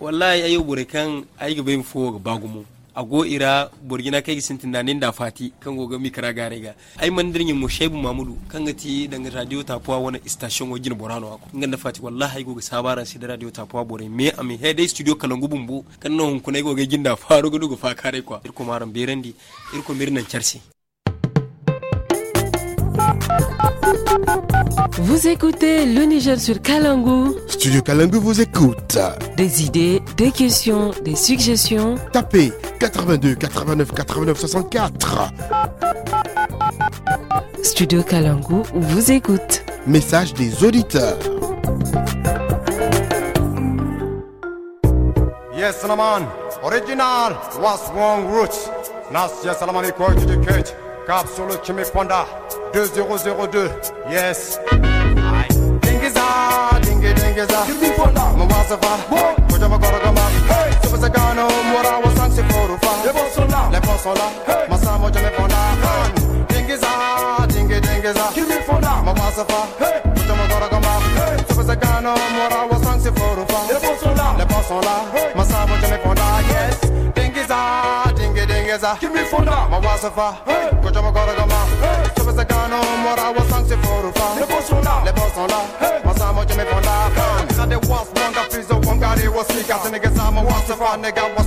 wallahi ayo bore kan ay ga bayin fo ga bagumo a go'ira burgina kai tunanin da fati kan goga mi gare ga ai mandirin yin mushaibu mamudu kan ga ti danga radio tafuwa wani station wajin borano ako da fati wallahi goga sabaran si da radio tafuwa bore me ami me dai studio gubun bu kan nan hunkuna kunai goga ginda faru gudu gufa kare kwa irko maran berandi irko mirnan charsi Vous écoutez le Niger sur Kalangu. Studio Kalangu vous écoute. Des idées, des questions, des suggestions. Tapez 82 89 89 64. Studio Kalangu vous écoute. Message des auditeurs. Yes, Salaman, original was Nas, yes, Salaman, Grave sur le Kimekwanda 2002, yes. Dingiza, dingi dingiza, mawaza wa Le me fonda. Dingiza, dingi dingiza, mawaza va, kuja magoro gama. Sebe se gano wa Le Yes, dingiza. Give me now. My wife suffer. Hey. Go jump, go to go, ma. Hey je veux c'est qu'on sont là, les sont là. je me prends la Ça des was, was, nigga, was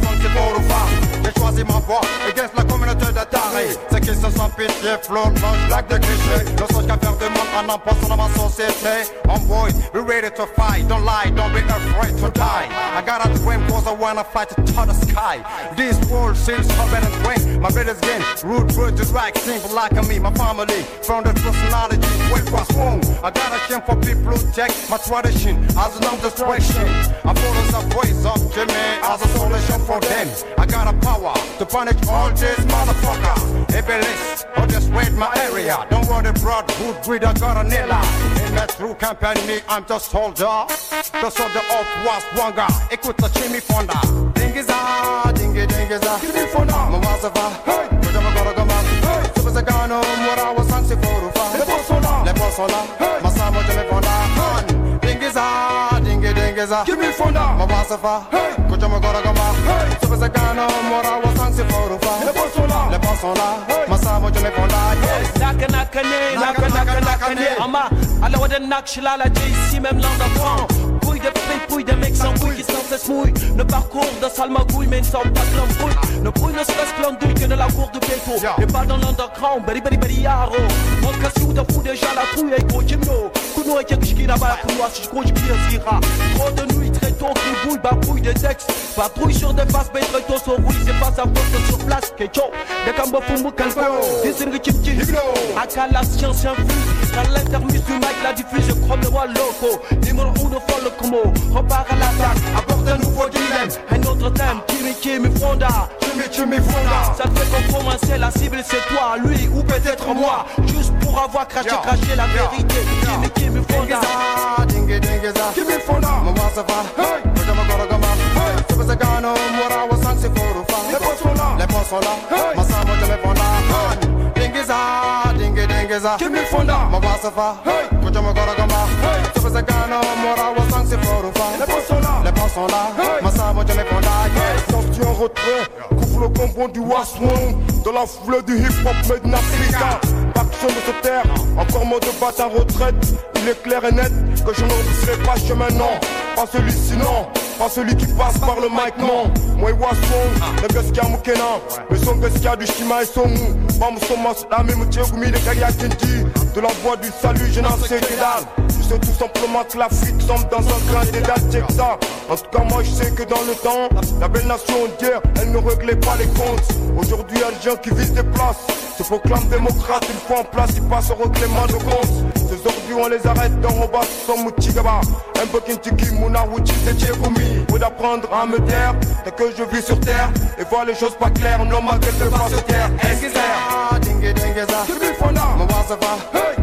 J'ai choisi ma voix, against la communauté de C'est qui se sent pitié, flot, mange, lac de clichés. Ne songe qu'à faire de mal en emportant dans ma société. Homeboy, we ready to fight, don't lie, don't be afraid to die. I got a dream, cause I wanna fly to the sky. This world seems open and swing. My greatest game, root, root, just like, simple like me. My farmer family from the personality where was wrong. I got a chance for people who check my tradition as an destruction. I follow the voice of Jimmy as a solution for them. I got a power to punish all these motherfuckers. Ableist, or just wait my area. Don't worry, broad good greed, I got a nilla. In that true company, I'm just soldier. The soldier of was wanga. Equip the Jimmy Fonda. Dingiza, dingy dingiza. Jimmy Fonda. Mamazafa. sola. Hey. Massa what you me fonda. Han. Dingiza, dingi dingiza. Give me fonda. Ma wasa fa. Hey. Kucha mo gora gamba. Hey. Tupe se kano mora wasan si forufa. Le bon sola. Le bon sola. Hey. Massa what you me fonda. Yes. Naka naka ne, naka naka naka ne. Ama. Ala wadan nak shilala jay si mem landa fond. des fripouilles, des mecs sans bouille qui sans cesse mouillent. Le parcours de Salmagouille, mais ne sort pas de l'embrouille. Ne brûle ne se passe que que de la cour du ghetto. Et pas dans l'underground, bari bari bari yaro. Mon cassou de fou déjà la couille avec gros jimno. Kuno et kakishki na bala kuno, si je gros je un sira. Trop de nuit, très tôt, qui bouille, barbouille des textes. Patrouille sur des faces, mais très tôt, sur rouille, c'est pas sa faute sur place. Ketchup, des cambo fumu calvo. Des sirgi chim chim. Akala science infuse. Dans l'intermise du mic, la diffuse, je crois dis moi où nous uno Le combo, Repart à l'attaque, apporte un nouveau dilemme Un autre thème, Kimi Kimi Fonda Tu me, tu me Fonda Ça fait comprendre, c'est la cible c'est toi, lui ou peut-être moi Juste pour avoir craché, craché la vérité Kimi Kimi Fonda Dingue dingue Kimi Fonda Mama Safa, hey Regama Gorogama, hey Super Sagano, Mora, Wasan, Siforufa Les poissons sont là, les boss sont là Hey sœur moi je me fonda Dingue Give me thunder, my boss of hey. me coloca mal. Se você gana moral, se Les pensons là, les pensons là, ma savon je les condamne. Sauf tu en retrait, couvre le combo du Waswan. De la foule du hip hop made in Africa. Pas de se taire, encore mot de battre en retraite. Il est clair et net que je ne repousserai pas chemin, non. Pas celui sinon, Pas celui qui passe par le mic, non. Moi, Waswan, ah. le a Mukena. Le son a du Shima et mou. Bam, Somas, la même Tchegumi, le Kaya Kinti. De la voix du salut, je n'en sais je sais tout simplement que la fuite tombe dans un dates, d'état ça En tout cas moi je sais que dans le temps La belle nation d'hier elle ne réglait pas les comptes Aujourd'hui un gens qui vise des places se proclame démocrate, une fois en place, ils passent au reclément de compte. Ces ordures, on les arrête dans Roba, sont moutigaba Un peu Kintiki, Mouna, Wuchi, c'est Tchégumi. Faut d'apprendre à me taire, dès que je vis sur terre, et voir les choses pas claires, non, ma gueule se passe terre. est que Dingue, dingue, ça, tu Hey!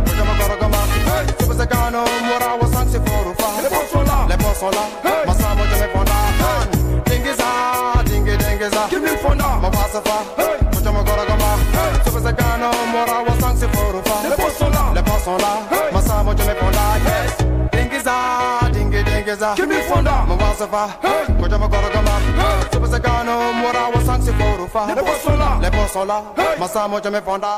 se gano mora wa sanse foro fa le posola le posola masamo je fonda dingiza dingi dingiza give me fonda ma pasa fa mucho mo gora gama so se gano mora wa sanse foro fa le posola le posola masamo je fonda dingiza dingi dingiza give me fonda ma pasa fa mucho mo gora gama so se gano mora wa sanse foro fa le posola le posola masamo je fonda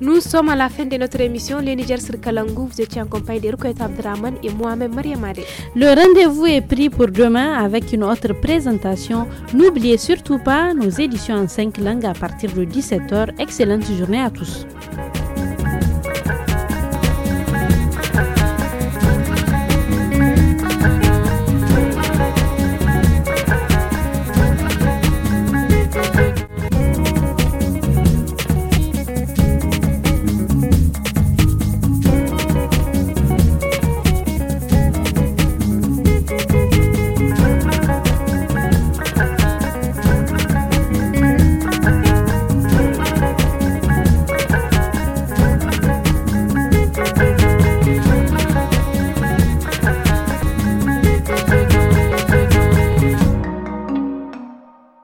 Nous sommes à la fin de notre émission. Le Niger sur Kalangou, vous étiez en compagnie de Rukwet Abdraman et moi-même Mariamade. Le rendez-vous est pris pour demain avec une autre présentation. N'oubliez surtout pas nos éditions en cinq langues à partir de 17h. Excellente journée à tous.